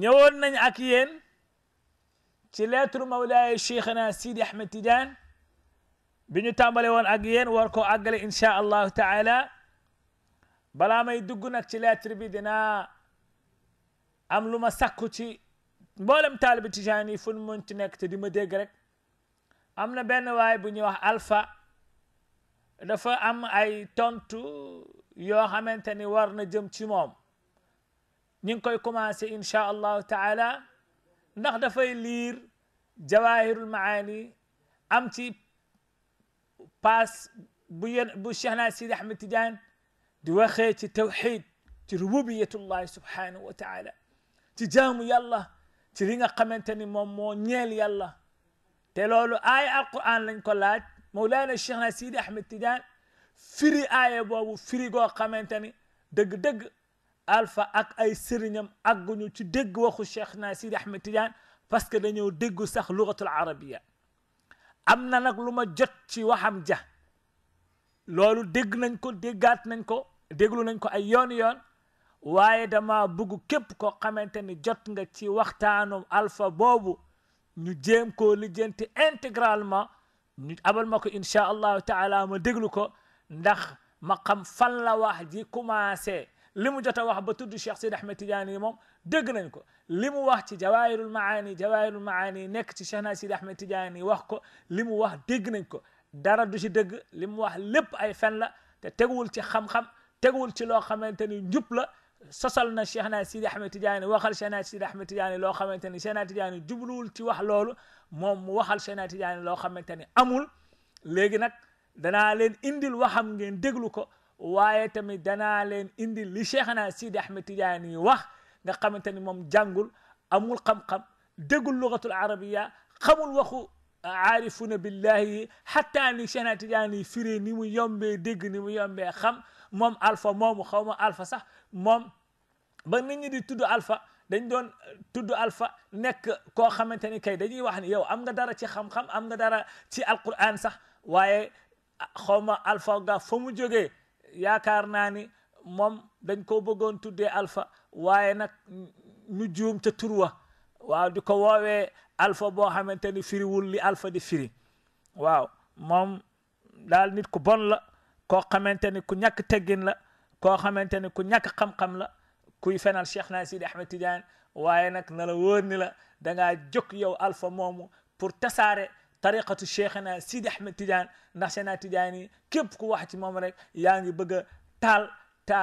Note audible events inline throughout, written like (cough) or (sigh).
نيون نان اكيين تشلاتر مولاي شيخنا سيدي احمد تيجان بنو تامبالي وان اكيين واركو اغلي ان شاء الله تعالى بلا ما يدغنا تشلاتر بيدنا ام لوما ساكو تي مولم طالب تيجاني فون مونت نيك تدي مديغ رك امنا واي بو الفا دا ام اي تونتو يو خامتاني ورنا جيم تي موم نين كوي كوماسي إن شاء الله تعالى نخ في لير جواهر المعاني أمتي باس بو بو شيخنا سيدي أحمد تيجان دي وخي تي توحيد تي ربوبية الله سبحانه وتعالى تي جامو يلا تي لينا قمنتني مومو نيل يلا تلولو آية القرآن لن كولاد مولانا الشيخنا سيدي أحمد تيجان فري آية بابو فري قمنتني دق دق alfa ak ay sëriñam àgguñu ci dégg waxu cheikh na Sidi Ahmed Tidiane parce que dañoo déggu sax lugatul arabia am na nag lu ma jot ci waxam ja loolu dégg nañ ko déggaat nañ ko déglu nañ ko ay yoon yoon waaye dama bëgg képp koo xamante ni jot nga ci waxtaanu alfa boobu ñu jéem koo lijjanti intégralement ñu abal ma ko incha allahu taala ma déglu ko ndax ma xam fan la wax ji commencé li mu jot a wax ba tudd Cheikh Sidi Ahmed Tidiane yi moom dégg nañ ko li mu wax ci jawaahirul maani jawaahirul maani nekk ci Cheikh na Sidi Ahmed Tidiane yi wax ko li mu wax dégg nañ ko dara du ci dëgg li mu wax lépp ay fen la te teguwul ci xam-xam teguwul ci loo xamante njub la sosal na Cheikh na Sidi Ahmed Tidiane waxal Cheikh na Sidi Ahmed Tidiane loo xamante Cheikh na Tidiane jubluwul ci wax loolu moom mu waxal Cheikh na Tidiane loo xamante amul léegi nag danaa leen indil waxam ngeen déglu ko waye tamit dana len indi li cheikhna sidi ahmed tidiane wax nga xamanteni mom jangul amul xam xam degul lughatul arabiyya xamul waxu عارفون بالله حتى ان شنا تجاني فري ني مو يومبي دغ ني مو يومبي خام موم الفا موم خاوما الفا صح موم با نيت دي تود الفا دنج دون تود الفا نيك كو خامتاني كاي دنجي واخني يو امغا دارا تي خام خام امغا دارا تي القران صح واي خاوما الفا غا فمو جوغي yaakaar naa ni moom dañ ko bëggoon tuddee alfa waaye nag ñu juum ca turwa waaw di ko woowee alpha boo xamante ni firiwul li alfa di firi waaw moom daal nit ku bon la koo xamante ni ku ñàkk teggin la koo xamante ni ku ñàkk xam la kuy fenal Cheikh na Sidi Ahmed Tidiane waaye nag na la wóor ni la dangaa jok yow alpha moomu pour tasaare tariqatu cheikhana sidi ahmed tidiane ndax seenaa tidiane yi képp ku wax ci moom rek yaa ngi bëgg a taal ta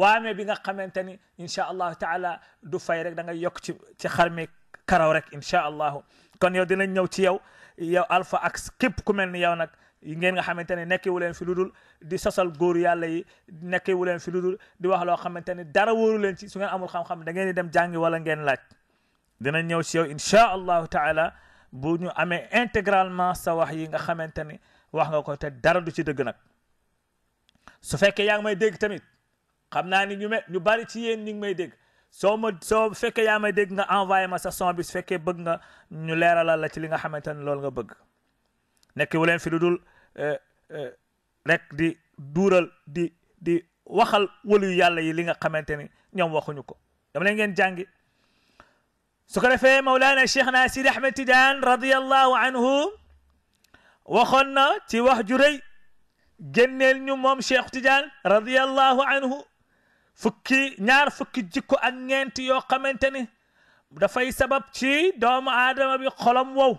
waame bi nga xamante ni incha allahu taala du fay rek da nga yokk ci ci xarmi karaw rek incha allahu kon yow dinañ ñëw ci yow yow alpha ak képp ku mel ni yow nag ngeen nga xamante ne nekkewu leen fi ludul di sosal góor yàlla yi nekkewu wulen fi ludul di wax loo xamante dara wóoru leen ci su ngeen amul xam-xam da ngeen di dem jàngi wala ngeen laaj dinañ ñëw ci yow incha allahu taala bu ñu amee intégralement sa wax yi nga xamante ni wax nga ko te dara du ci dëgg nag su fekkee yaa ngi may dégg tamit xam naa ni ñu me ñu bari ci yéen ñu ngi may dégg soo ma soo fekkee yaa may dégg nga envoyé ma sa son bi su fekkee bëgg nga ñu leeralal la ci li nga xamante ni loolu nga bëgg nekk wu leen fi lu dul eh, eh, rek di duural di di waxal walu yàlla yi li nga xamante ni ñoom waxuñu ko dama leen ngeen jàngi سكرفي مولانا شيخنا سيد أحمد تدان رضي الله عنه وخنا تي wax juray génneel ñu moom Cheikh Tidiane radiyallahu anhu fukki ñaar fukki jikko ak ñeent yoo xamante ni dafay sabab ci doomu aadama bi xolam wow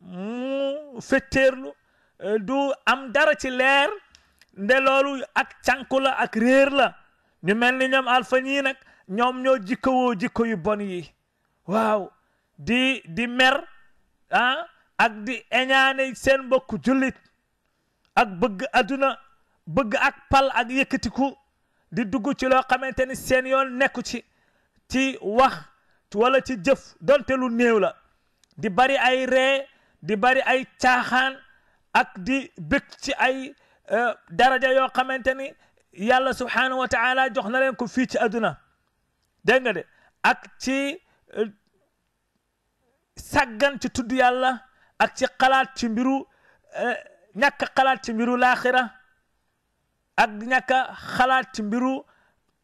mu fetteerlu du am dara ci leer nde loolu ak cànku la ak réer la ñu mel ni ñoom alfa ñii nag ñoom ñoo jikkowoo jikko yu bon yi waaw di di mer ah, ak di eñaane seen mbokk jullit ak bëgg aduna bëgg ak pal ak yëkkatiku di dugg ci loo xamante ni seen yoon nekku ci ci wax wala ci jëf donte lu néew la di bari ay ree di bari ay caaxaan ak di bëgg ci ay eh, daraja yoo xamante ni yàlla subhaanahu wa taala jox na ko fii ci aduna dégg ak ci sàggan ci tudd yàlla ak ci xalaat ci mbiru eh, ñàkk xalaat ci mbiru laaxira ak ñàkk xalaat ci mbiru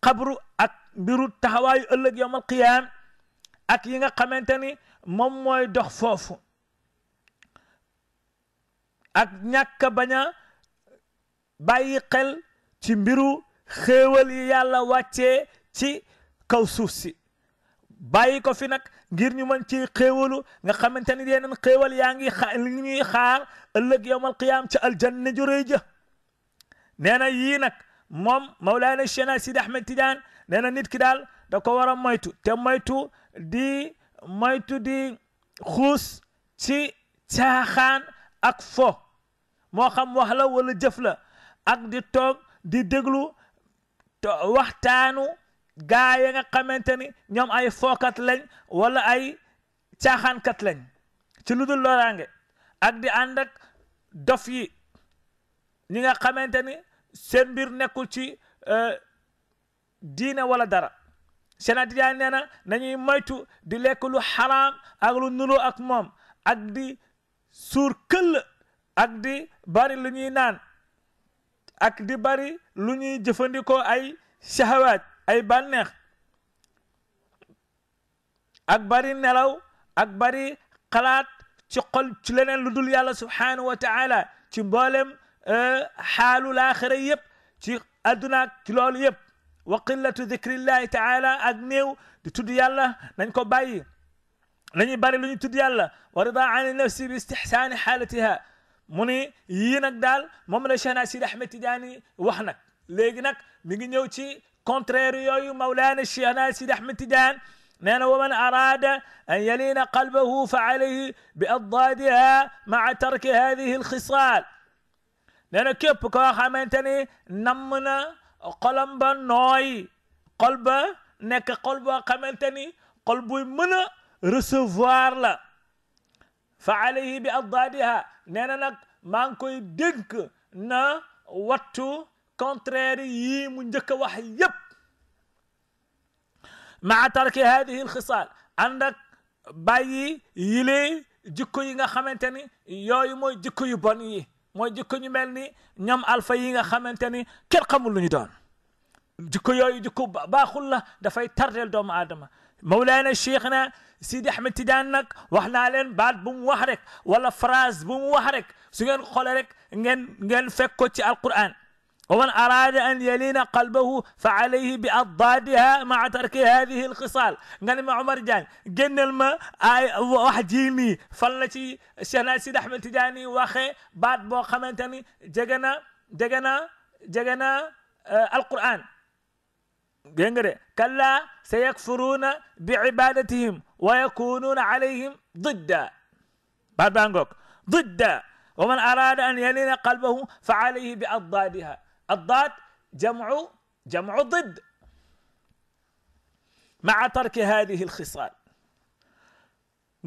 xabru ak mbiru taxawaayu ëllëg yowm al ak yi nga xamante ni moom mooy dox foofu ak ñàkk baña a bàyyi ci mbiru xéewal yi yàlla wàccee ci kaw suuf si bàyyi ko fi nag ngir ñu mën ci xéewalu nga xamante ni yeneen xéewal yaa ngi xa li ñuy xaar ëllëg yowmal qiyaam ci aljanna ju rëy ja nee yii nag moom Mawlaana Cheikh Sidi Ahmed Tidiane nee na nit ki daal da ko war a moytu te maytu di moytu di xuus ci caaxaan ak fo moo xam wax la wala jëf ak di toog di déglu waxtaanu gaa ya nga xamante ni ñoom ay fookat lañ wala ay caaxaankat lañ ci lu dul loraange ak di ànd ak dof yi ñi nga xamante ni seen mbir nekkul ci euh, diina wala dara Seydina Tijaan nee na nañuy moytu di lekk lu ak lu nuloo ak moom ak di suur këll ak di bari lu ñuy naan ak di bari lu ñuy jëfandikoo ay shahawaat ay banex ak bari nelaw ak bari khalat ci xol ci leneen lu yàlla subhanahu wa taala ci mbollem halu lakhira yeb ci aduna ci lolou yeb wa qillatu dicrillahi taala ak new di tudd yàlla nañ ko bàyyi lañuy bari luñu tudd yàlla wa rida an nafsi bi istihsan halatiha muni yi nak dal mom la Cheikhna Sidi Ahmed Tidiane wax nak léegi nak mi ngi ñëw ci كونتريريو مولانا الشيخ ناسي سيدي احمد تدان نانا ومن أراد أن يلين قلبه فعليه بأضدادها مع ترك هذه الخصال نانا كيف خامنتني نمنا قلب نوي قلب نك قلب خامنتني قلب من recevoir لا فعليه alayhi نانا نك مانكو na nag واتو contraire yi mu njëkk a wax yépp maa tarki hadihi alxisaal ànd ak bàyyi yile jikko yi nga xamante ni yooyu mooy jikko yu bon yi mooy jikko ñu mel ni ñoom alfa yi nga xamante ni kenn xamul lu ñu doon jikko yooyu jikko baaxul la dafay tardeel doomu aadama mawlaana cheikh na sidi ahmed tidiane nag wax naa leen baat bu mu wax rek wala phrase bu mu wax rek su ngeen xoolee rek ngeen ngeen fekk ko ci alquran ومن أراد أن يلين قلبه فعليه بأضدادها مع ترك هذه الخصال قال ما عمر جان جن الما آي واحد جيمي فلتي شنا سيد أحمد تجاني واخي بعد بو خمنتني جغنا جغنا جغنا آه القرآن جنجري كلا سيكفرون بعبادتهم ويكونون عليهم ضد بعد بانجوك ضد ومن أراد أن يلين قلبه فعليه بأضدادها الضاد جمع جمع ضد مع ترك هذه الخصال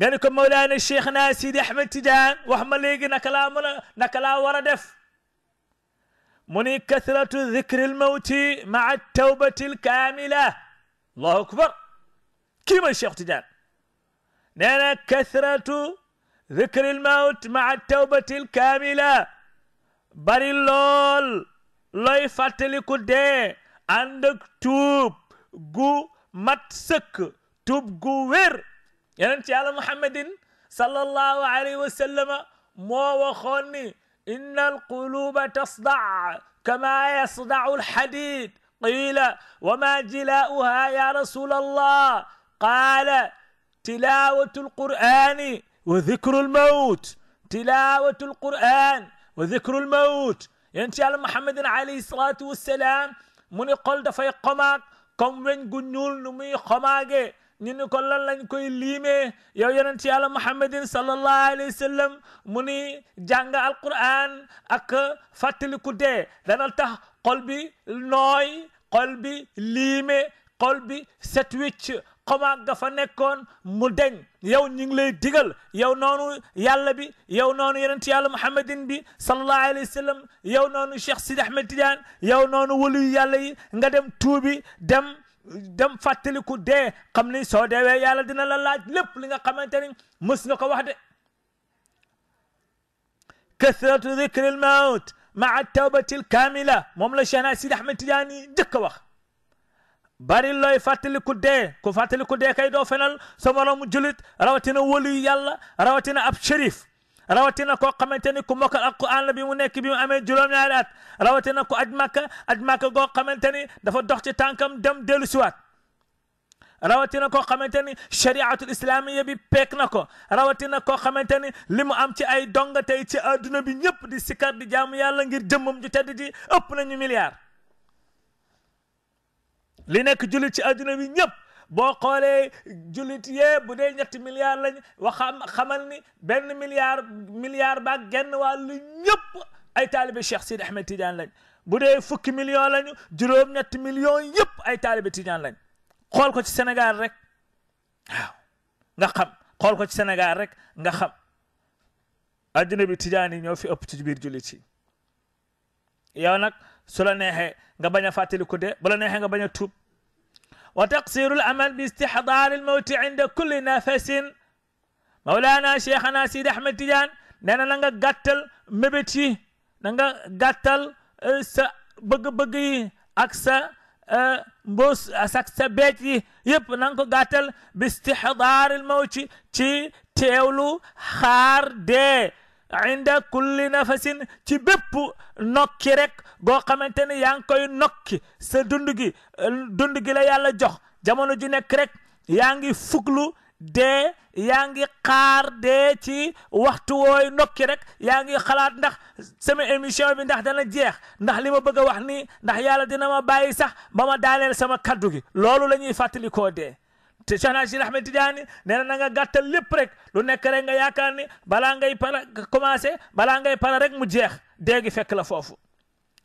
قال لكم مولانا الشيخ ناسي دي احمد تجان وهم اللي نكلا نكلا وردف مني كثرة ذكر الموت مع التوبة الكاملة الله أكبر كيما الشيخ تجان نانا كثرة ذكر الموت مع التوبة الكاملة بري اللول looy fàttaliku dee ànd ak tuub gu mat sëkk tuub gu wér yeneen ci yàlla muhammadin sallallahu alayhi wa sallam moo waxoon ni inna alquluba tasdaa kama yasdau alxadid qila wama jilaa'uha ya rasul allah qala tilawatu alqur'ani wa dhikru almawt tilawatu alqur'an wa dhikru almawt ينتيال يعني محمد عليه الصلاة والسلام من يقول دا في قماك كم وين قنول نمي قماك نين كل لن كوي ليمي يا ينتيال محمد صلى الله عليه وسلم مني جانغ القرآن أك فاتل كده لنالته قلبي نوي قلبي ليمي قلبي ستويتش xomaag ga fa nekkoon mu deñ yow ñu ngi lay digal yow noonu yàlla bi yow noonu yonent yàlla muhammadin bi sallallahu alayhi wa sallam yow noonu cheikh sidi ahmed tidiane yow noonu walu yàlla yi nga dem tuubi dem dem fàttaliku dee xam ni soo deewee yàlla dina la laaj lépp li nga xamante ni mës nga ko wax de kathratu dhikri al maa tawbati al kamila moom la cheikh na sidi ahmed tidiane yi njëkk wax bari looy fàttaliku dee ku fàttaliku kay do fenal so borom julit rawatina wëlu yàlla rawatina ab shérif rawatina ko xamanteni ni ku mokkal alquran bi mu nek bi mu amé juróom-ñaari rawatina ku ajmaka ajmaka go xamanteni dafa dox ci tànkam dem ci wat rawatina ko xamanteni shari'atu islamiyya bi pek nako rawatina ko xamanteni limu am ci ay donga ci aduna bi ñëpp di sikkar di jaamu yàlla ngir jëmum ju tedd ji ëpp nañu milliard لينك جلت أجنبي نب بقولي جلتي بدي نت مليار لين وخم خملني بين مليار مليار باك جن والي نب أي طالب شخصي أحمد تيجان لين بدي فك مليار لين جروب نت مليون يب أي طالب تيجان لين قول كوتش سنغال رك نخم قول كوتش سنغال رك نخم أجنبي تيجان نيو في أبتج بير جلتي yow nag su la neexee nga baña fatali ko de bu la neexee nga baña tup wa taqsiru al amal bi istihdar al maut inda kulli nafas mawlaana cheikhana sid ahmed tidian nee na nga gàttal mebeti na nga gàttal sa bëgg-bëgg yi ak sa mbos ak sa beet yi yëpp na nga ko gàttal bi istihdar al maut ci teewlu xaar dee inda kulli nafasin ci bépp nokki rek goo xamante ne yaa ngi koy nokki sa dund gi dund gi la yàlla jox jamono ji nekk rek yaa ngi fuglu dee yaa ngi kaar dee ci waxtu wooy nokki rek yaa ngi xalaat ndax sama émission bi ndax dana jeex ndax li ma bëgg a wax ni ndax yàlla dina ma bàyyi sax ba ma daaneel sama kaddu gi loolu la ñuy fàttalikoo dee te Cheikhna Sidi Ahmed Tidiane nee na na nga gàttal lépp rek lu nekk rek nga yaakaar ni balaa ngay pare commencé balaa ngay pare rek mu jeex déegi fekk la foofu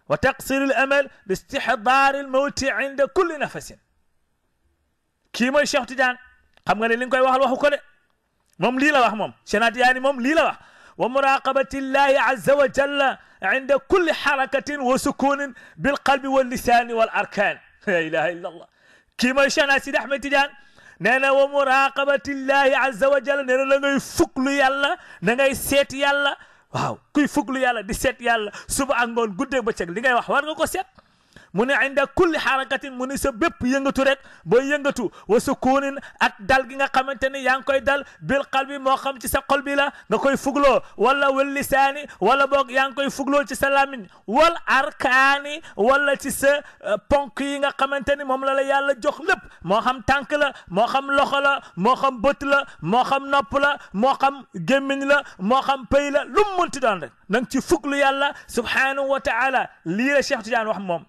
wa taqsir al amal bi istihdaar al mawti inda kulli nafasin kii mooy Cheikh Tidiane xam nga ne li nga koy waxal waxu ko de moom lii la wax moom Cheikhna Tidiane moom lii la wax wa muraqabati llahi azza wa jalla inda kulli xarakatin wa sukunin bilqalbi wallisaani wal arkaan la ilaha illa allah kii mooy Cheikhna Sidi Ahmed Tidiane nee na wa muraqabatillahi azza wa jalla nee na la ngay fuglu yàlla na ngay seet yàlla waaw kuy fuglu yàlla di seet yàlla suba ak ngoon guddeeg bëccëg li ngay wax war nga ko seet mu ne inda kulli xarakatin mu ne sa bépp yëngatu rek booy yëngatu wa sukuunin ak dal gi nga xamante ni yaa ngi koy dal bil qalbi moo xam ci sa xol bi la nga koy fugloo wala wal lisaani wala boog yaa ngi koy fugloo ci sa lamiñ wal arkaani wala ci sa ponk yi nga xamante ni moom la la yàlla jox lépp moo xam tànk la moo xam loxo la moo xam bët la moo xam nopp la moo xam gémmiñ la moo xam pëy la lu mu munti doon rek na nga ci fuglu yàlla subhanahu wa taala lii la Cheikh Tidiane wax moom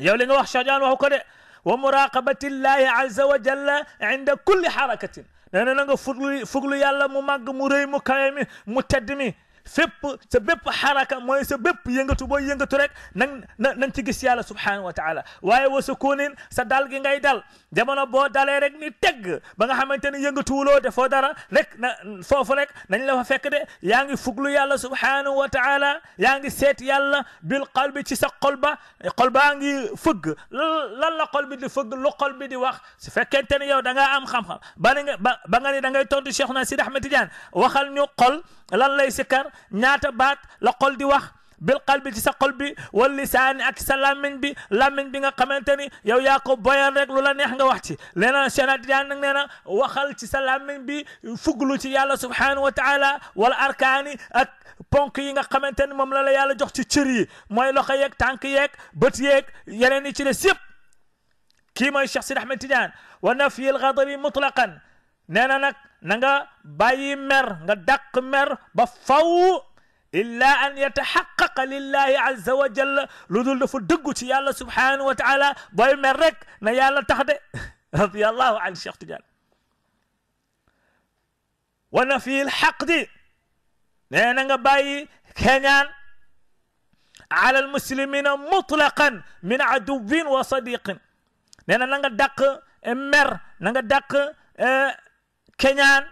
يولين وحشجان كده ومراقبة الله عز وجل عند كل حركة نحن لأننا فقل يالا ممغ مريم كايمي متدمي fépp sa bépp xaraka mooy sa bépp yëngatu booy yëngatu rek nang na na nga ci gis yàlla subhanahu wa taala waaye wa sukunin sa dal gi ngay dal jamono boo dalee rek ni tegg ba nga xamante ni yëngatuwuloo defoo dara rek na foofu rek nañ la fa fekk de yaa ngi fuglu yàlla subhanahu wa taala yaa ngi seet yàlla bil qalbi ci sa xol ba xol baa ngi fëgg lan la bi di fëgg lu xol bi di wax su fekkente ni yow danga am xam-xam ba nga ba nga ni da ngay tontu Cheikh na Sidi Ahmed Tidiane waxal ñu xol lan lay sikkar ñaata baat la xol di wax bil qalbi ci sa xol bi wal lisan ak sa làmmiñ bi lamin bi nga xamanteni yow ya ko boyal rek lula neex nga wax ci leena na Cheikh Tidiane nag waxal ci sa làmmiñ bi fuglu ci yàlla subhanahu wa taala wal arkan ak ponk yi nga xamanteni mom la la yàlla jox ci cieur yi moy loxe yek tànk yek beut yek yeneen ci des sip ki moy Cheikh Sidi Ahmed Tidiane wa nafyi al-ghadabi mutlaqan neena nak na nga bàyyi mer nga dàq mer ba faw illa an yataxaqaqa lillahi azza wa jalla lu dul dafa dëggu ci yàlla subhanahu wa taala booy mer rek na yàlla tax de radiallahu an cheikh tidiane wa nafi lxaqdi nee na nga bàyyi keñaan ala almuslimina mutlaqan min aduwin wa sadiqin nee na na nga dàq mer na nga dàq keñaan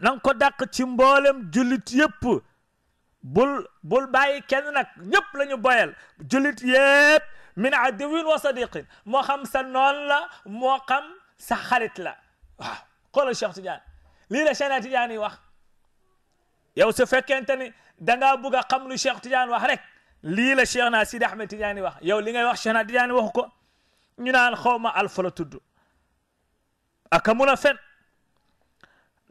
na nga ko dàq ci mboolem jullit yépp bul bul bàyyi kenn nag ñépp la ñu boyal jullit yépp min adiwin wa sadiqin moo xam sa noon la moo xam sa xarit la waaw xoolal Cheikh Tidiane lii la Cheikh Tidiane yi wax yow su fekkente ni dangaa bugg a xam lu Cheikh Tidiane wax rek lii la Cheikh naa Sidi Ahmed Tidiane wax yow li ngay wax Cheikh naa Tidiane waxu ko ñu naan xaw ma alfa la tudd aka mun a fen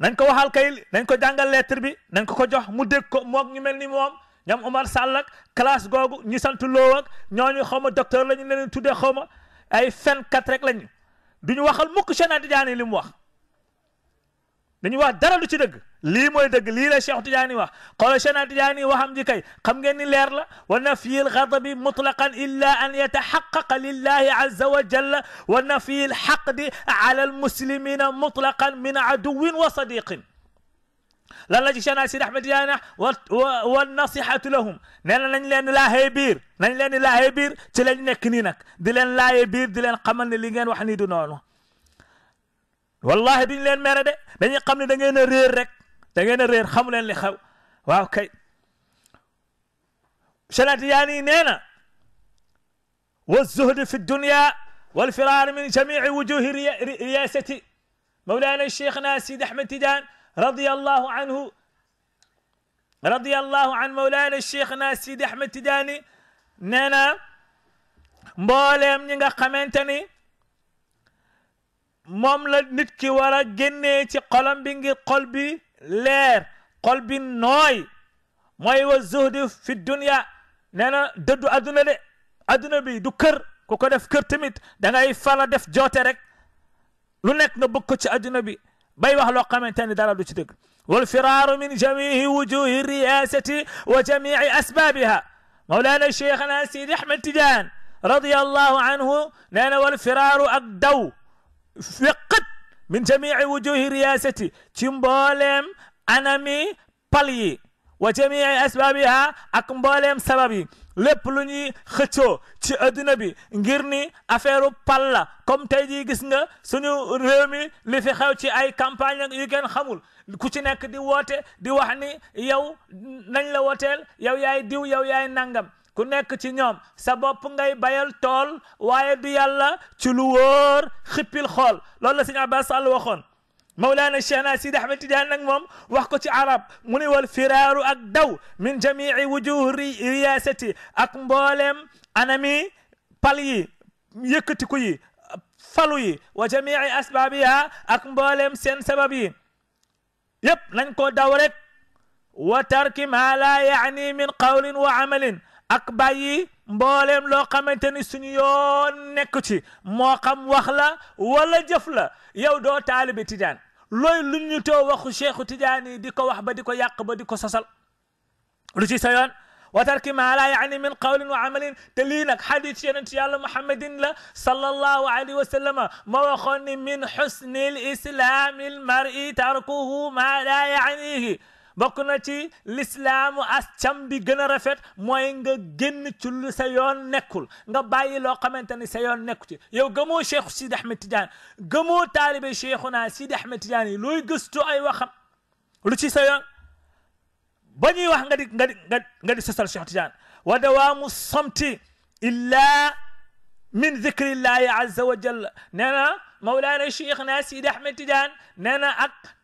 nañ ko waxal kay nañ ko jàngal lettre bi nañ ko ko jox mu dégg ko moog ñu mel ni moom ñoom Umar Sall ak classe googu ñu sant Lo ak ñooñu xaw ma docteur lañu leen tuddee xaw ma ay fenkat rek du ñu waxal mukk di Tidiane li mu wax dañuy wax dara lu ci dëgg. li moy deug li la Cheikh Tidiane wax qala Cheikh Tidiane waxam ji kay xam ngeen ni leer la wa nafyi ghadab mutlaqan illa an yataxaqaqa lillahi azza wa jalla wa nafyi haqd ala almuslimina mutlaqan min aduwin wa sadiqin la la ci Cheikh Sidi Ahmed Tidiane wa wa nasihatu lahum nee na nañ leen laahee biir nañ leen laahee biir ci lañ nek ni nak di leen laahee biir di len xamal ni li ngeen wax ni du nonu wallahi duñ leen mere de dañuy xam ne da ngeen réer rek دعينا رير خملين لخو واو كي شلات يعني نينا والزهد في الدنيا والفرار من جميع وجوه رئاسة مولانا الشيخ ناسي أحمد تيدان رضي الله عنه رضي الله عن مولانا الشيخ ناسي أحمد تداني نينا مولم نينغا قمنتني مملد نتكي ورا جنيتي قلم بنجي قلبي leer xol bi nooy mooy wa zuhdi fi dunya nee na dëddu adduna de adduna bi du kër ku ko def kër tamit da ngay fala def joote rek lu nekk nga bëgg ko ci adduna bi bay wax loo xamante ni dara du ci dëgg والفرار من جميع وجوه الرئاسة وجميع أسبابها مولانا شيخنا سيد أحمد تجان رضي الله عنه نانا والفرار أقدو فقد min jamii wujuhi riyasati ci mbooleem anami pal yi wa jamii asbaabiha ak mbooleem sabab yi lépp lu ñuy xëccoo ci adduna bi ngir ni affaire pal comme tey jii gis nga suñu li fi ci ay campagne yu kenn xamul ku ci nekk di woote di wax ni yow nañ la wooteel yow yaay diw yow yaay nangam ku nekk ci ñoom sa bopp ngay bayal tool waaye du yàlla ci lu wóor xippil xool loolu la sëñ abbas sall waxoon مولانا الشيخنا سيد احمد تجان موم واخكو تي عرب موني والفرار اك دو من جميع وجوه رياستي اك مبولم انامي بالي يكتكو يي فالو وجميع اسبابها اك مبولم سين سببي يب نانكو داو رك وترك ما لا يعني من قول وعمل ak bàyyi mbollem lo xamanteni suñu yoon nek ci mo xam wax la wala jëf la yow do taalibi tidian loy luñ ñu to waxu cheikhu tidiani diko wax ba diko yàq ba diko ko sosal lu ci sayon yoon wa tarki maa laa yaani min qawlin wa amalin te lii nag xadis yonent yàlla muhammadin la sallallahu alayhi wa sallama ma waxoon ni min xusni l mari tarkuhu maa laa yaanihi bokk na ci lislaamu as cam bi gën rafet moy nga génn ci lu sa yoon nekkul nga bàyyi lo xamanteni sa yoon nekku ci yow gëmo cheikh Sidi Ahmed Tidiane gëmo talibé cheikhuna Sidi Ahmed Tidiane yi gëstu ay waxam lu ci sa yoon bañuy wax nga di nga di nga di sosal cheikh Tidiane wa dawamu samti illa من ذكر الله عز وجل nee مولانا الشيخ ناسي Sidi Ahmed Tidiane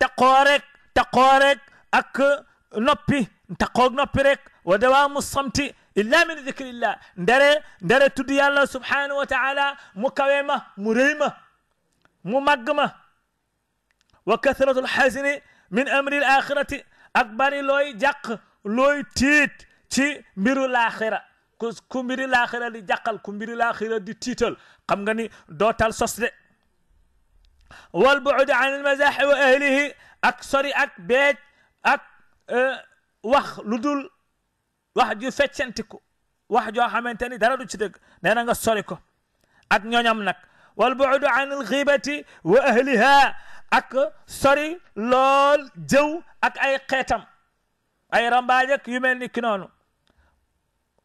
اك na ak ak noppi takkoog noppi rek wa dawaamu samti illa min dicrillah ndere ndere tudd yàlla subhanahu wa taala mukawema murima mumagma mu rëy wa kathratu lxasini min amri alaxirati ak bari jak jàq looy tiit ci mbiru laaxira ku mbiri laaxira di jàqal ku mbiri laaxira di tiital xam nga ni dootal sos de والبعد عن المزاح وأهله أكثر أكبت ak wax ludul wax ju feccantiku wax jo xamanteni dara du ci deug neena nga sori ko ak ñoñam nak wal buudu an al xibati wa ahliha ak sori lol jëw ak ay xetam ay rambaaj ak yu mel ni ki noonu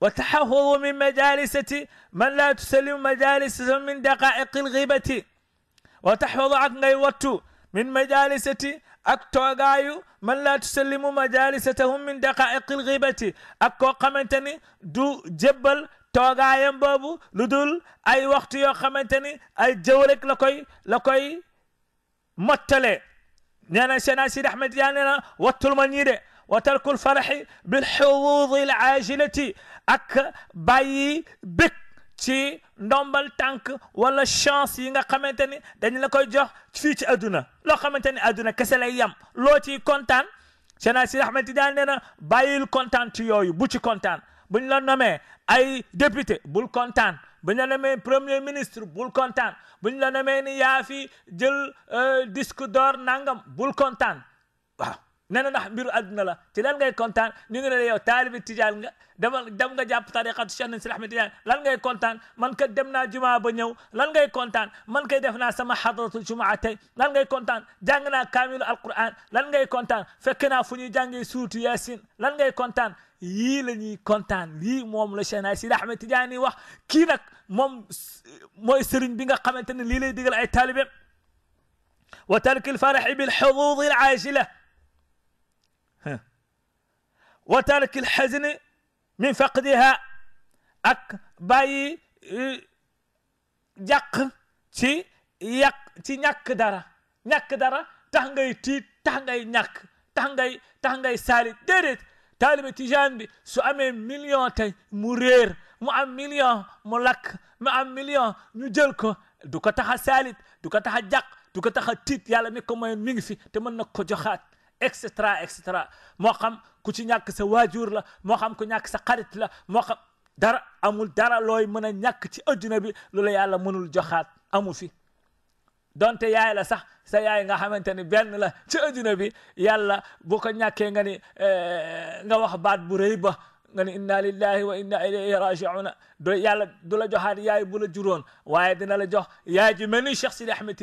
والتحفظ من مجالسة من لا تسلم مجالسة من دقائق الغيبة وتحفظ عن غيوته من مجالسة أكتو غايو من لا تسلم مجالستهم من دقائق الغيبة أكو قمتني دو جبل توغايم بابو لودول أي وقت يو قمتني أي جولك لكوي لكوي متلي نانا سناسي رحمت يانينا يعني وطل من يري وترك الفرح بالحظوظ العاجلة أك باي بك ci ndombal tànk walla chance yi nga xamante ni dañ la koy jox fii ci adduna loo xamante ni adduna kese lay yem loo ciy kontaan Seydina Sidi Ahmed Tidiane nee na bàyyil kontaan ci yooyu bu ci kontaan buñ la nomee ay député bul kontaan buñ la nomee premier ministre bul kontaan buñ la nomee ni yaa fi jël euh, disque d'or nangam bul kontaan nee na ndax mbiru àdduna la ci lan ngay kontaan ñu ngi ne yow taalibi tijaan nga demal dem nga jàpp tariqatu Cheikh Sidi Ahmed Tijaan lan ngay kontaan man kat dem naa jumaa ba ñëw lan ngay kontaan man kay def naa sama xadratul jumaa tey lan ngay kontaan jàng naa kaamilu alquran lan ngay kontaan fekk naa fu ñuy jàngee suuratu Yaasin lan ngay kontaan yii la ñuy kontaan lii moom la Cheikh Sidi Ahmed Tijaan yi wax kii nag moom mooy sëriñ bi nga xamante ne lii lay digal ay taalibeem wa tarki alfaraxi bilxuduudi alcaajila وترك الحزن من فقدها أك باي جاك تي يك تي نك دارا نك دارا تانغاي تي تانغاي نك تانغاي تانغاي سالي ديريت تالي تي بي سو امي مليون تاي مورير مو ام مليون ملاك ما ام مليون ني جيلكو دوكا تاخا سالي دوكا تاخا جاك دوكا تاخا تيت يالا ميكو موي مينغ في تي مان نكو جوخات اكسترا اكسترا مو خام كوتي ci ñàkk sa waajur la moo xam ku ñàkk sa xarit la moo xam dara amul dara looy mën a ñàkk ci adduna bi lu la yàlla mënul joxaat amu fi donte yaay la sax sa yaay nga xamante ni benn la ci adduna bi yàlla bu ko ñàkkee nga ni nga wax baat bu ba nga ni inna lillahi wa inna ilayhi rajiuna do yàlla du la joxaat yaay bu la juróon waaye dina la jox yaay ji mel Cheikh Sidi Ahmed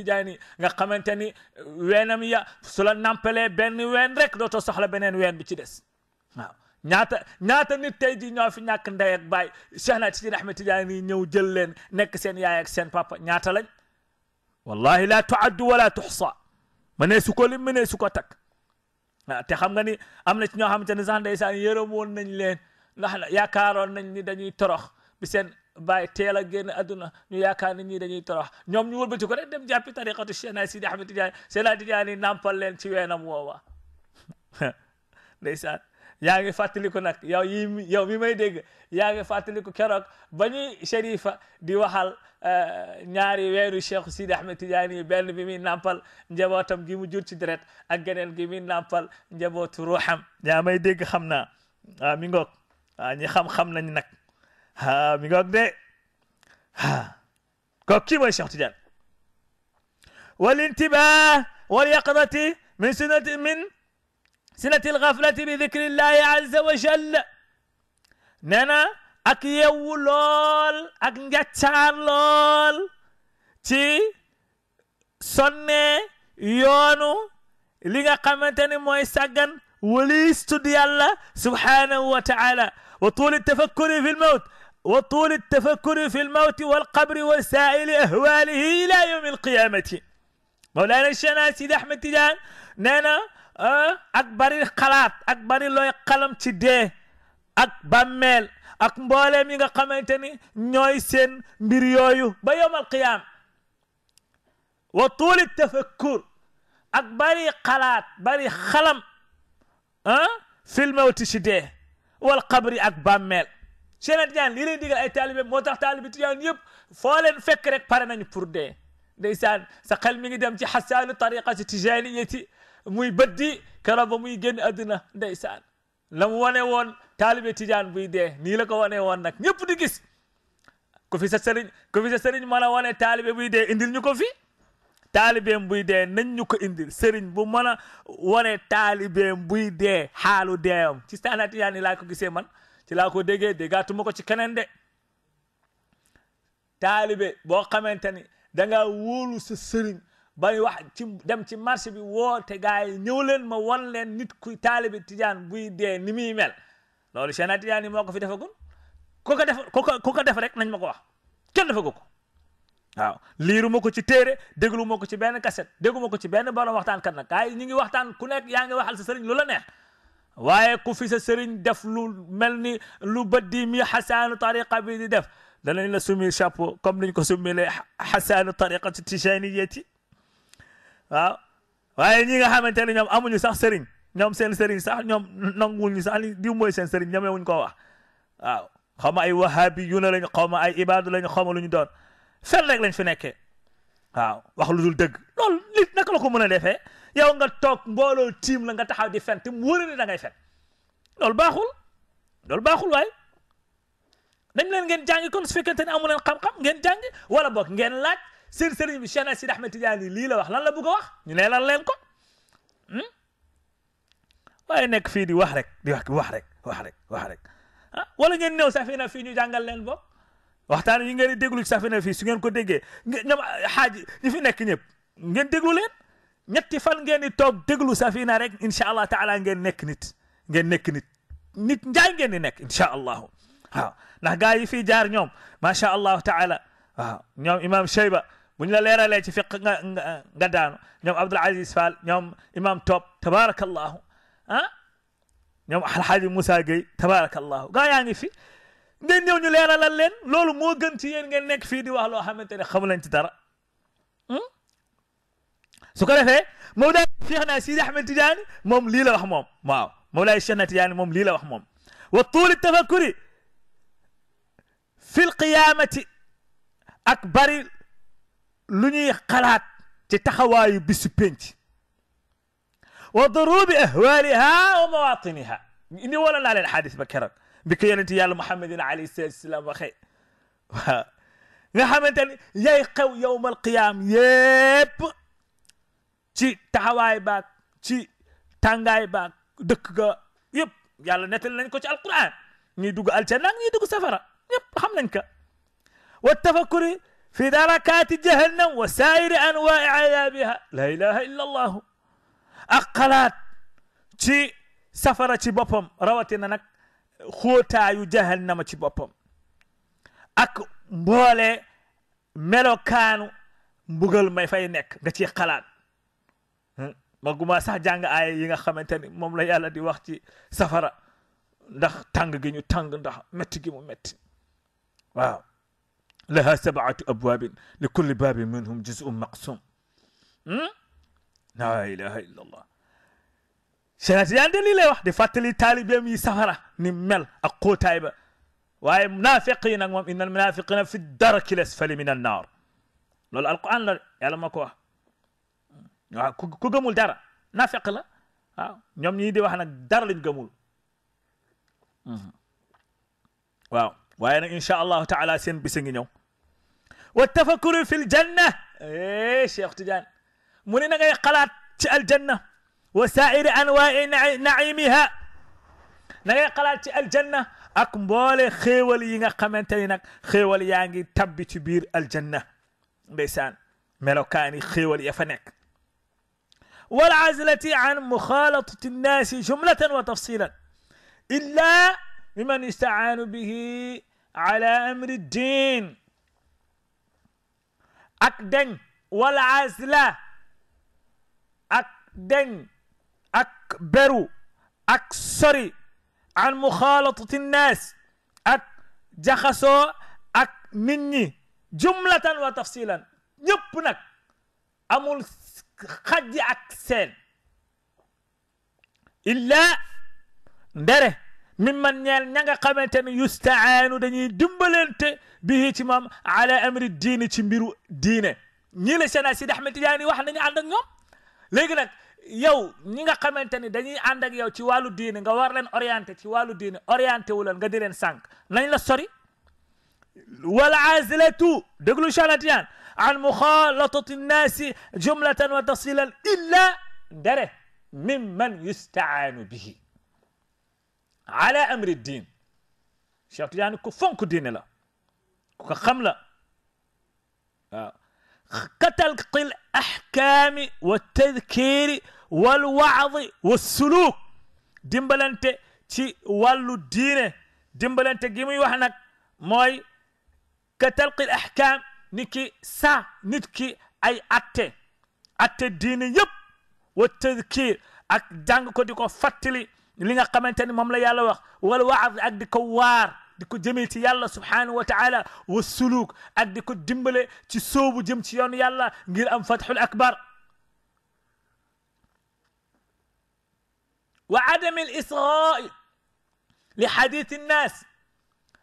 nga xamante ni ya su la nampalee benn rek dootoo soxla benen wen bi ci waaw ñaata ñaata nit tey ji ñoo fi ñàkk ndey ak baay Cheikh na Tijaan Ahmed Tidiane yi ñëw jël leen nekk seen yaay ak seen papa ñaata lañ wallahi la tuaddu wala tuxsa mënee su ko lim mënee su ko takk waaw te xam nga ni am na ci ñoo xamante ne sax ndeysaan yërëm woon nañ leen ndax yaakaaroon nañ ni dañuy torox bi seen bàyyi teel a génn adduna ñu yaakaar ni ñii dañuy torox ñoom ñu wëlbati ko rek dem jàppi tariqatu Cheikh na Sidi Ahmed Tidiane Cheikh na Tidiane yi leen ci weenam woowa (laughs) ndeysaan yaa ngi fàttaliku nag yow yi yow mi may dégg yaa ngi fàttaliku keroog ba ñuy Sharifa di waxal eh, ñaari weeru Cheikh Sidi Ahmed Tidiane benn bi muy nampal njabootam gi mu jur ci deret ak geneen gi mi nampal njabootu ruuxam yaa may dégg xam naa ah mi ngoog ah ñi xam-xam nañ nag ah mi ah, sunnati min سنة الغفلة بذكر الله عز وجل نانا اك لول اك لول تي سنة يونو لغا قمتني موي ساقن وليستو دي الله سبحانه وتعالى وطول التفكر في الموت وطول التفكر في الموت والقبر وسائل أهواله إلى يوم القيامة مولانا الشناسي دحمد تجان نانا ak bari xalaat ak bari looy xalam ci dee ak bàmmeel ak mbooleem yi nga xamante ni ñooy seen mbir yooyu ba yowm alqiyaama wa tuuli tafakkur ak bari xalaat bari xalam ah fil mawti ci dee wal qabri ak bàmmeel Cheikh Tidiane lii leen digal ay taalibe moo tax taalibe Tidiane yëpp foo leen fekk rek pare nañu pour dee ndeysaan sa xel mi ngi dem ci xasaanu tariqati tijaniyati muy bët di keroog ba muy génn adduna ndeysaan la mu wane woon taalibe tijaan buy dee nii la ko wane woon nag ñëpp di gis ku fi sa sëriñ ku fi sa sëriñ mën a wane taalibe buy dee indil ñu ko fi taalibeem buy dee nañ ñu ko indil sëriñ bu mën a wane taalibe buy dee xaalu deeyam ci staana tijaan yi laa ko gisee man ci laa ko déggee déggaatuma ko ci keneen de taalibe boo xamante ni da nga wóolu sa sëriñ ba ñu wax ci dem ci marché bi woote gaa yi ñëw leen ma won leen nit kuy taalibi tijaan buy dee ni muy mel loolu Cheikh na yi moo ko fi defagul ku ko def ku ko def rek nañ ma ko wax kenn defagu ko waaw liiru ma ko ci téere déglu ma ko ci benn cassette déglu ma ko ci benn borom waxtaan kat nag gaa ñu ngi waxtaan ku nekk yaa ngi waxal sa sëriñ lu la neex waaye ku fi sa sëriñ def lu mel ni lu bëddi mi xasaanu tariqa bi di def danañ la summi chapeau comme niñ ko summi le xasaanu tariqa ci tijaniyati waaw waaye ñi nga xamante ne ñoom amuñu sax sëriñ ñoom seen sëriñ sax ñoom nanguwul ñu sax li diw mooy seen seriñ ñoom wuñ ko wax waaw xaw ma ay wahabi yu ne lañ xaw ma ay ibaadu lañ xaw ma lu ñu doon fen rek lañ fi nekkee waaw wax lu dul dëgg loolu nit naka la ko mën a defee yow nga toog mbooloo tiim la nga taxaw di fen te mu wóor ne ngay fen loolu baaxul loolu baaxul waaye dañ leen ngeen jàngi kon su fekkente ne amu leen xam-xam ngeen jàngi wala boog ngeen laaj seen sëriñ bi Cheikh na Sidi Ahmed Tidiane lii la wax lan la bëgg a wax ñu leeral leen ko waaye nekk fii di wax rek di wax wax rek wax rek wax rek ah wala ngeen ñëw safina fii ñu jàngal leen bopp waxtaan yi ngeen di déglu ci safina fii su ngeen ko déggee ñoom xaaji ñi fi nekk ñëpp ngeen déglu leen ñetti fan ngeen di toog déglu safina rek incha allah taala ngeen nekk nit ngeen nekk nit nit njaay ngeen di nekk incha allahu waaw ndax gaa yi fii jaar ñoom macha allah taala waaw ñoom imam Shayba bu ñu la leeralee ci fiq nga nga daanu ñoom Abdoul Aziz Fall ñoom imam Top tabarakallahu ah ñoom alxaaji Moussa Gueye tabarakallahu gaa yaa ngi fi ngeen ñëw ñu leeralal leen loolu moo gën ci yéen ngeen nekk fii di wax loo xamante ne xamu leen ci dara su ko defee Mawlaay Cheikh na Sidi Ahmed Tidiane moom lii la wax moom waaw Mawlaay Cheikh na Tidiane moom lii la wax moom wa tuuli tafakkuri fi lqiyaamati ak bari لوني خلات تي تخواي بيسبنت وضروب اهوالها ومواطنها اني ولا على الحادث بكره بكيانتي يا محمد عليه السلام وخي نحمد ان ييقو يوم القيام ييب تي تخواي باك تي تانغاي باك دك ييب يالا نتل نانكو تي القران ني دوغ الجنه ني دوغ سفره ييب خم نانكا والتفكر في دركات جهنم وسائر أنواع عذابها لا إله إلا الله أقلات ci safara ci boppam rawatina nag xóotaayu jahannama ci boppam ak mboole melokaanu mbugal may fay nekk nga ci xalaat maguma sax jàng aaya yi nga xamante ni moom la yàlla di wax ci safara ndax tàng gi ñu tàng ndax metti gi mu metti waaw لها سبعة أبواب لكل باب منهم جزء مقسوم لا إله إلا الله شنات يعني لي لوحد فاتلي تالي بيمي سهرة نمل أقو تايبة واي منافقين إن المنافقين في الدرك الأسفل من النار لو القرآن يعلم أكوا كجمل دارا نافق لا آه، يوم يدي واحد دار للجمل واو وانا ان شاء الله تعالى سين بسنجنو والتفكر في الجنة إيش يا أختي جان من هنا غير قلات الجنة وسائر أنواع نعيمها نغي قلات الجنة أكم بولي خيوالي ينغ قمنتي نك خيوالي تبي تبير الجنة بيسان ملوكاني خيوالي يفنك والعزلة عن مخالطة الناس جملة وتفصيلا إلا لمن يستعان به على أمر الدين ak deng wala azla ak deng ak beru ak sori an mukhalatati nnas ak jaxaso ak nit ñi jumlatan wa tafsilan ñëpp nak amul xajji ak seen illa ndere ممن نيال نيغا خامتاني يستعانو داني ديمبلنت بيه تيمام على امر الدين تي ميرو دين ني لا سينا سيد احمد تياني واخ ناني اندك نيوم لغي نك ياو نيغا خامتاني داني اندك ياو تي والو دين nga war len orienter ci walu din orienter wulen nga di len sank nagn la sori wal azlatu deglu shalatian عن مخالطه الناس جمله وتصيلا الا دره ممن يستعان به ala amri diin Cheikh Tidiane ku fonk diine la ku ko xam la waaw katalqi l axkaami wa tadkiri walwaadi wa suluuk dimbalante ci wàllu diine dimbalante gi muy wax nag mooy ka talqi axkaam ni ki sa nit ki ay atte atte diine yëpp wa tadkir ak jàng ko di ko fàttali li nga xamanteni mom la yàlla wax wal wa'd ak diko war diko jeme ci yàlla subhanahu wa taala wa suluk ak diko dimbele ci sobu jëm ci yoon yàlla ngir am fathul akbar wa adami al israil li xadit nnaas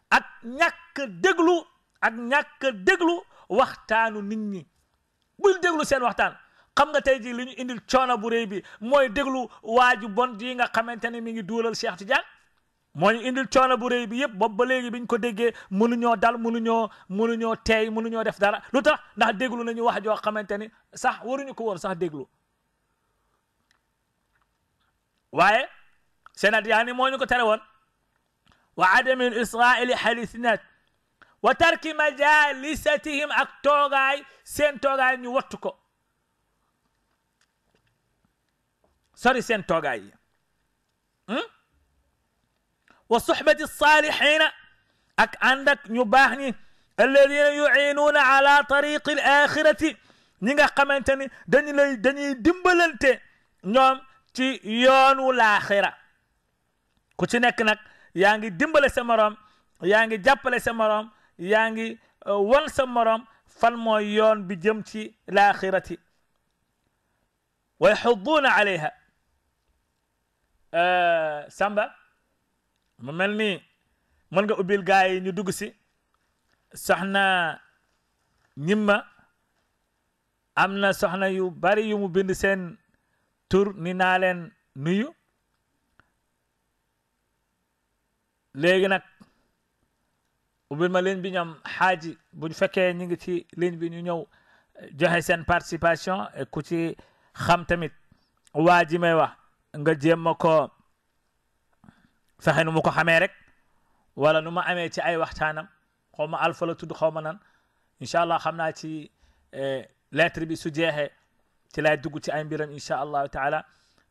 ak ñàkk déglu ak ñàkk déglu waxtaanu nit ñi bul déglu seen waxtaan xam nga tay jii liñu indil choona bu reey bi mooy déglu waaju bon ji nga xamante ni mi ngi duulal Cheikh Tidiane moo ñu indil coono bu réy bi yëpp boobu ba léegi biñ ko déggee mënuñoo dal mënuñoo mënuñoo teey mënuñoo def dara lu tax ndax déglu nañu wax joo xamante ni sax waruñu ko woon sax déglu waaye senat yaa ni moo ñu ko tere woon wa adami israili xalisinat wa tarki majalisatihim ak toogaay seen toogaay ñu wattu ko سوري سين توغاي وصحبة الصالحين أك عندك نباهني الذين يعينون على طريق الآخرة نيغا قمنتني داني لي داني ديمبلنتي نيوم تي يونو الآخرة كوتي نك نك يانغي ديمبل سمروم يانغي جابل سمروم يانغي آه، وان سمروم فان مو يون بي جيم تي الآخرة ويحضون عليها Euh, Samba mu mel ni mën nga ubbil gaa yi ñu dugg si soxna ñimma am na soxna yu bari yu mu bind seen tur ni naa leen nuyu léegi nag ubbil ma ligne bi ñoom xaaji bu fekkee ñu ngi ci ligne bi ñu ñëw joxe seen participation ku ci xam tamit waa ji may wax nga jéem ma ko fexe nu ma ko xamee rek wala nu ma amee ci ay waxtaanam xaw ma alfa la tudd xaw ma nan incha allah xam naa ci eh, lettre bi su jeexee ci lay dugg ci ay mbiram incha allah taala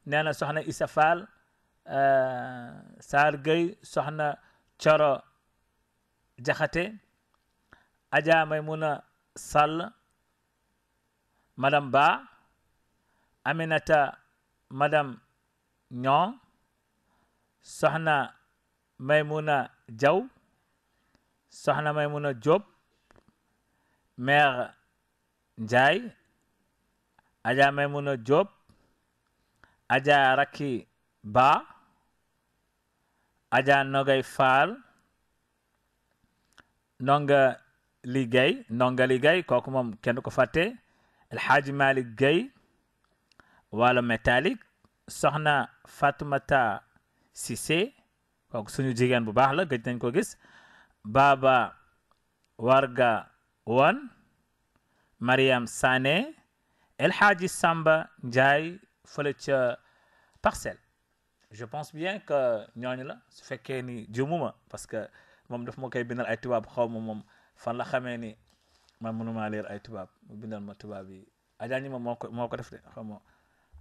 nee na soxna Issa Fall eh, Saar Gueye soxna Coro Jaxate Adja Maymuna Sall madame Ba Aminata madame ñoo soxna Maymuna Jaw soxna Maymuna Jóob mère Njaay aja Maymuna Jóob aja Rakki Ba aja Nogay Faal ndonga liggéey ndonga liggéey kooku moom kenn du ko fàtte El Hadji Malick soxna fatumata sise kooku suñu jigéen bu baax la gëj nañ ko gis baba warga wan mariam sané elhaji samba Jai fële ca parcelle je pense bien que ñooñu la su fekkee ni jumuma parce que moom daf ma koy bindal ay tubaab xaw ma moom fan la xamee ni man mënumaa leer ay tubaab bindal ma tubaab yi ajañi ma moo ko moo def de xaw ma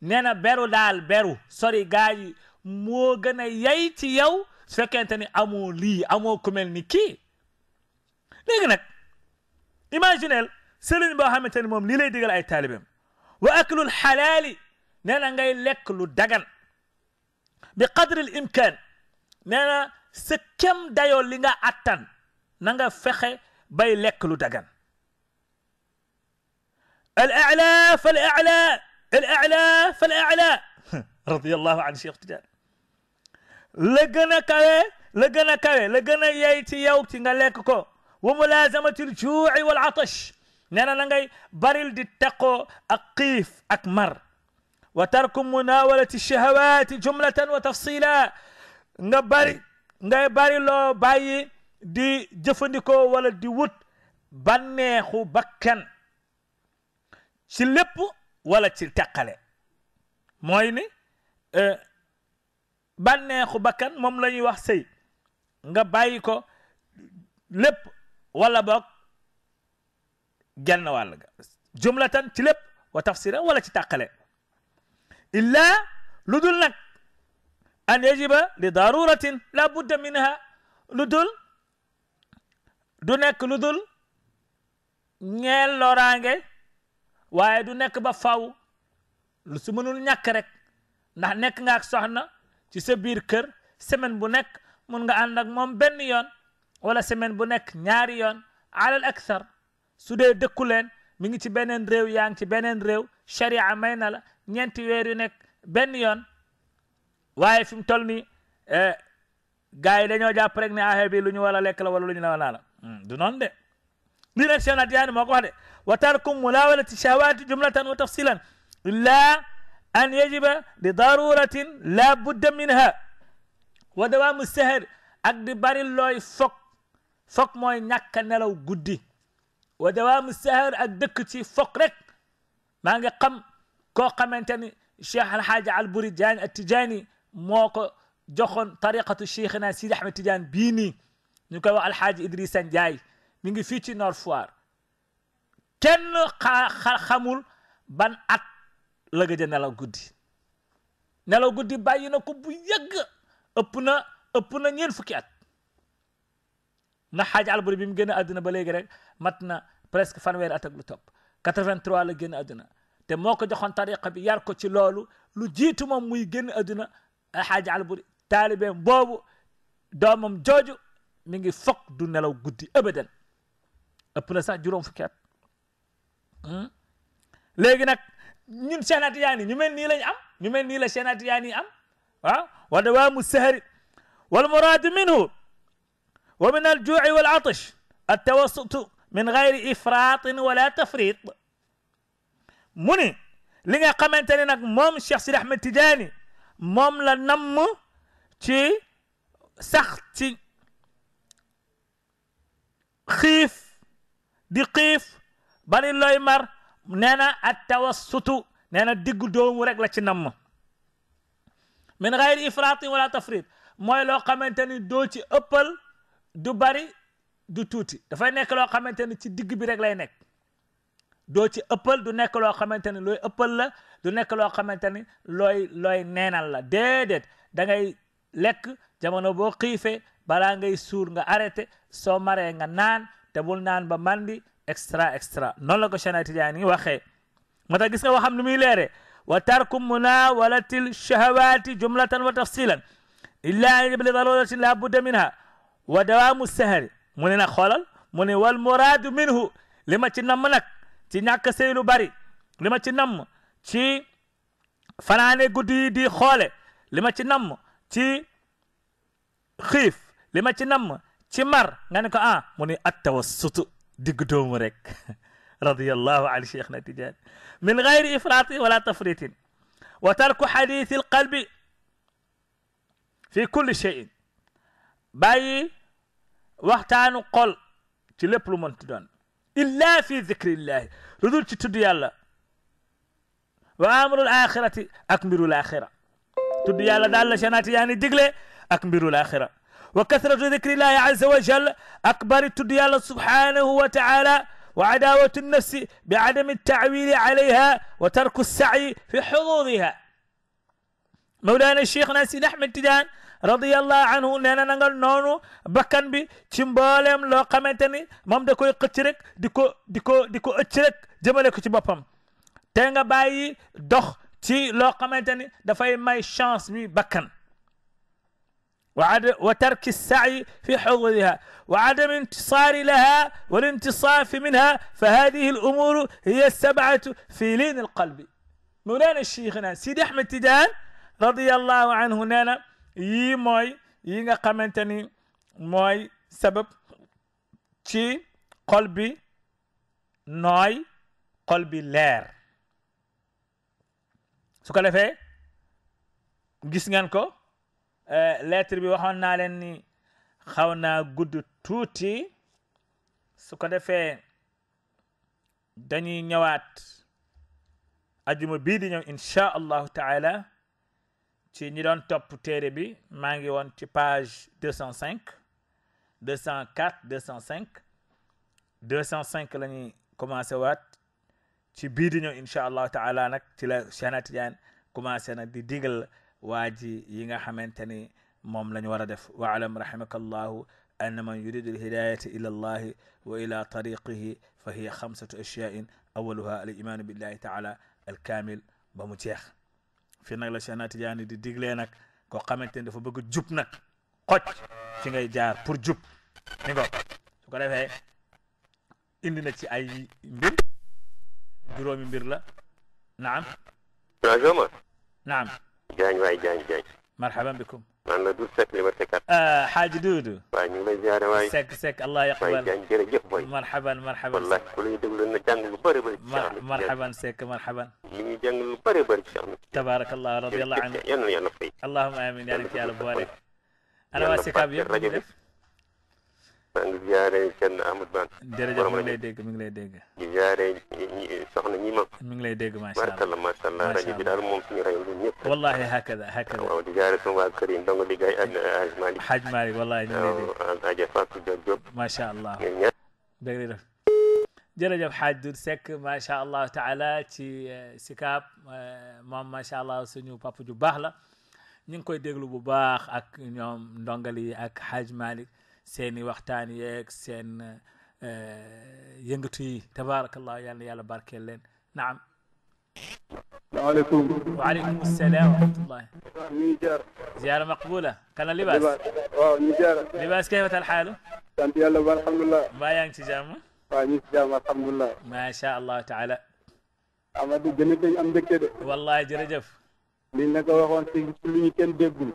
nena beru dal beru sori gaaji mo gëna gën ci yow fekente ni amo li amo ku melni ki kii nak nag imaginel sëriñ boo xamante ni moom lay digal ay taalibeem wa aklu al halal nena ngay lek lu dagan bi qadri al imkan nena se kem dayo li nga attan na nga fexe bay lek lu dagan al ala fa ala الاعلى فالاعلى (laughs) رضي الله عن شيخ تجار لقنا كاي لقنا كاي لقنا ياتي يوكتي نالكوكو وملازمة الجوع والعطش نانا نانغي بريل دي تاكو اقيف اكمر وترك مناولة الشهوات جملة وتفصيلا نباري نغي باري لو باي دي جفنديكو ولا دي ووت بانيخو بكان سي wala ci taqale mooy ni e, bànneexu bakkan moom lañuy ñuy wax sëy nga bàyyi ko lépp wala boog genn wàll ga jumlatan ci lépp wa tafsiran wala ci tàqale illaa lu dul nag an yajiba li daruratin la budda minha lu dul du nekk lu dul ñeel loraange waaye du nekk ba faw su mënul ñàkk rek ndax nekk nga ak soxna ci sa biir kër semaine bu nekk mun nga ànd ak moom benn yoon wala semaine bu nekk ñaari yoon alal akthar su dee dëkku leen mi ngi ci beneen réew yaa ngi ci beneen réew sharia may na la ñeenti weer yu nekk benn yoon waaye fi mu toll nii eh, gars yi dañoo jàpp rek ne affaire bi lu ñu war lekk la wala lu ñu la war hmm, la du noonu de بلا شان أديان ما قاله وتركم ملاولة الشهوات جملة وتفصيلا إلا أن يجب لضرورة لا بد منها ودوام السهر أقد باري الله فوق فوق ما ينكا نلو قدي ودوام السهر أدكتي فوق رك ما قم كو قمنتني الشيخ الحاج البوري جاني التجاني موكو جخون طريقة الشيخنا سيد أحمد تجان بيني نكوى الحاج إدريس جاي mi ngi fii ci Nord Foire kenn xamul ban at la gëj a nelaw guddi nelaw guddi bàyyi na ku bu yëgg ëpp na ëpp na ñeent fukki at ndax xaaj alburi bi mu génn àdduna ba léegi rek mat na presque fanweeri at ak lu topp 83 la génn àdduna te moo ko joxoon tariqa bi yar ko ci loolu lu jiitu moom muy génn àdduna xaaj alburi taalibeem boobu doomam jooju mi ngi fokk du nelaw guddi abadan ëpp na sax juróom fukki at léegi nag ñun Cheikh Tidiane ñu mel nii lañ am ñu mel nii la Cheikh Tidiane am waaw wa dawaamu sahari wal muraadu minhu wa min al juuci wal atash at tawassutu min gayri ifraatin wala tafriit mu ni li nga xamante ne nag moom Cheikh Sidi Ahmed Tidiane moom la namm ci sax ci xiif di xiif bari looy mar nee na at tawassutu nee na diggu doomu rek la ci namm min gayri ifratin wala tafrit mooy loo xamante ni doo ci ëppal du bari du tuuti dafay nekk loo xamante ni ci digg bi rek lay nekk doo ci ëppal du nekk loo xamante ni looy ëppal la du nekk loo xamante ni looy looy neenal la déedéet da ngay lekk jamono boo xiifee balaa ngay suur nga arrêté soo maree nga naan te bul naan ba mandi extra extra noonu la ko Cheikh Tidiane waxee gis nga waxam nu muy leere wa tarku munawalatil shahawati jumlatan wa tafsilan illa li daruratin la budda minha wa dawamu sahari mu ne nag xoolal mu ne wal minhu li ma ci namm ci ñàkk sëy lu bari li ci namm ci fanaane guddi yi di xoole li ma ci namm ci xiif li ci namm ci mar nga ne ko ah mu ne attawassutu digg doomu rek radiyallahu an cheikhna tijaani min gayri ifraati wala tafriitin wa tarku xadiisi alqalbi fi kulli cheyin bàyyi waxtaanu xol ci lépp lu mënti doon illa fi zicrillahi lu dul ci tudd yàlla wa amrul axirati ak mbirul axira tudd yàlla daal la cheikhna tijaani digle ak mbirul axira وكثرة ذكر الله عز وجل أكبر تدي الله سبحانه وتعالى وعداوة النفس بعدم التعويل عليها وترك السعي في حظوظها مولانا الشيخ ناسي أحمد تدان رضي الله عنه نانا نقول نونو بكن بي تيمبالم لو قمتني مام داكوي قتريك ديكو ديكو ديكو اتريك جمالك تي بوبام تيغا باي دوخ تي لو قمتني دا فاي ماي شانس بي بكن وترك السعي في حظها وعدم انتصار لها والانتصاف منها فهذه الأمور هي السبعة في لين القلب مولانا الشيخنا سيدي أحمد تدان رضي الله عنه نانا يي موي ييغا خامتاني موي سبب تي قلبي نوي قلبي لير su ko defee Eh, lettre bi waxoon naa leen ni xaw naa gudd tuuti su ko defee dañuy ñëwaat ajuma bii di ñëw insha allahu taala ci ñi doon topp téere bi maa ngi woon ci page deux cent cinq deux cent quatre deux cent cinq deux cent cinq la ñuy commencé waat ci bii di ñëw insha allahu taala nag ci la Cheikh Tidiane commencé nag di digal waji yi nga xamanteni mom lañu wara def wa alam ان من يريد الهدايه الى الله والى طريقه فهي خمسه اشياء اولها الايمان بالله تعالى الكامل بمتيخ في نك لا شانات جاني دي ديغلي نك كو خامتين دا فا بوج جوب في غاي جار بور جوب نيغو سوكو ديفه اندي نتي اي مبير جرومي مبير لا نعم نعم Diagne waay Diagne Diagne. marhaban bikum. man la Doudou Seck li ma sekkaat. xaaji Doudou. waaw ñu ngi lay ziare waay. Seck Seck allah yaqbal waay Diagne jërëjëf waay. marhaban marhaban Seck wallaahi ku la ñu déglu na jàng lu bëri bëri. marhaban Seck marhaban. ñu ngi jàng lu bëri bëri. tabaarakallah radiyallahu anhu. yal na yàlla fay. allahumma amiin yaa ngi ci yàlla boole. ana waa Sikaab yëpp def maa ngi ziare kenn Amadou Ban. jërëjëf mi ngi lay dégg mi ngi lay dégg. di ziare soxna ñi ma. mi ngi lay dégg macha allah macha allah bi daal moom ñëpp. wallaahi hakada hakada. kër yi ndongo liggéey ak Hadj Malick. Hadj Malick wallaahi ñu ngi lay macha allah jërëjëf Hadj Doudou Seck macha allah taala ci eh, Sikaab eh, moom macha allah suñu papa ju baax la ñu ngi koy déglu bu baax ak ñoom ndongali ak Hadj Malick seeni waxtaan yeeg seen yëngatu yi tabarakallahu yàlla yàlla barkeel leen naam salaamaaleykum waaleykum salaam warahmatullah nijar ziyaara maqbula kana libaas waaw nijar libaas kayfa talxaalu sant yàlla ba alhamdulillah mbaa yaa ngi ci jàmm waaw ñu ci jàmm alhamdulillah maasha allahu taala amadu gën a dañ am mbégte de wallahi jërëjëf liñ la ko waxoon si lu ñu kenn déggul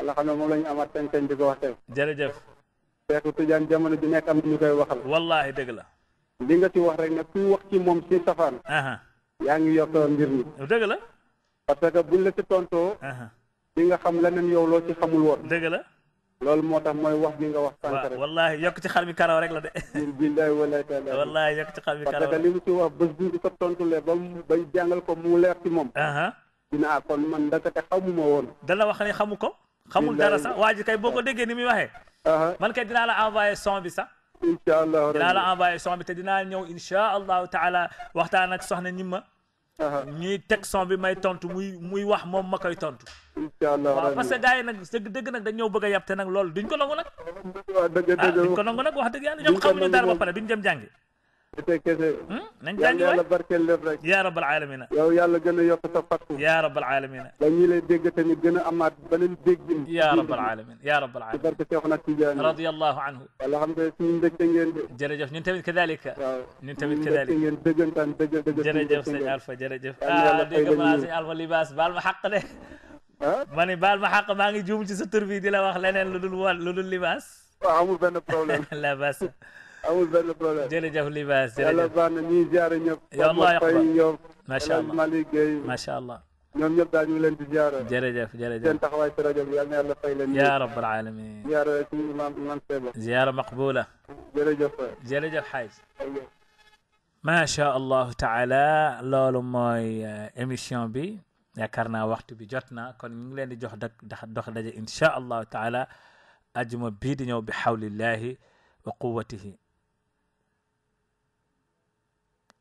ala xam ne moom la ñu amaat sañ-sañ di ko wax tey jërëjëf Seexu Tijaan jamono ju nekk am na ñu koy waxal. wallaahi dëgg la. li nga ci wax rek ne kuy wax ci moom si safaan. yaa ngi yokk mbir mi. dëgg la. parce que buñ la ci tontoo. li nga xam leneen yow loo ci xamul woon. dëgg la. loolu moo tax mooy wax bi nga wax. sànq rek wallaahi yokk ci xar mi karaw rek la de. (laughs) billahi walaay taala wallaahi yokk ci xar mi karaw parce que wax bés buñ ko tontulee ba mu ba jàngal ko mu leer ci moom. dina ah kon man ndakate xamuma woon. dana wax ne xamu ko. xamul dara sax waa ji kay boo ko déggee ni muy waxee man kay dinaa la envoyé son bi sax incha allah dinaa la envoyé son bi te dinaa ñëw incha allahu taala waxtaan ak soxna ñimma ñuy teg son bi may tontu muy muy wax moom ma koy tontu. incha allah waaw parce que gars yi nag dëgg dëgg nag dañ ñëw bëgg a yab te nag loolu duñ ko nangu nag. waaw dëgg dëgg duñ ko nangu nag wax dëgg yàlla ñoom xamuñu dara ba pare duñ dem jàngi. يا رب العالمين يا يا يا يا رب العالمين يا رب العالمين يا رب العالمين يا رب العالمين رضي الله عنه الحمد جرجف ننتمد كذلك ننتمد كذلك جرجف سي الفا جرجف يعني آه، الفا لباس بالمحق له ماني بالمحق ماني جوم جسد تربيدي لا واخ لنا لولو لباس (laughs) لا باس يا الله يقبل ما شاء الله ما شاء الله يا رب العالمين زيارة مقبولة ما شاء الله تعالى لول ماي اميشن بي ياكرنا وقت بي جاتنا كون نغي دي جوخ دخ دخ ان شاء الله تعالى اجمو بي دي نيو بحول الله وقوته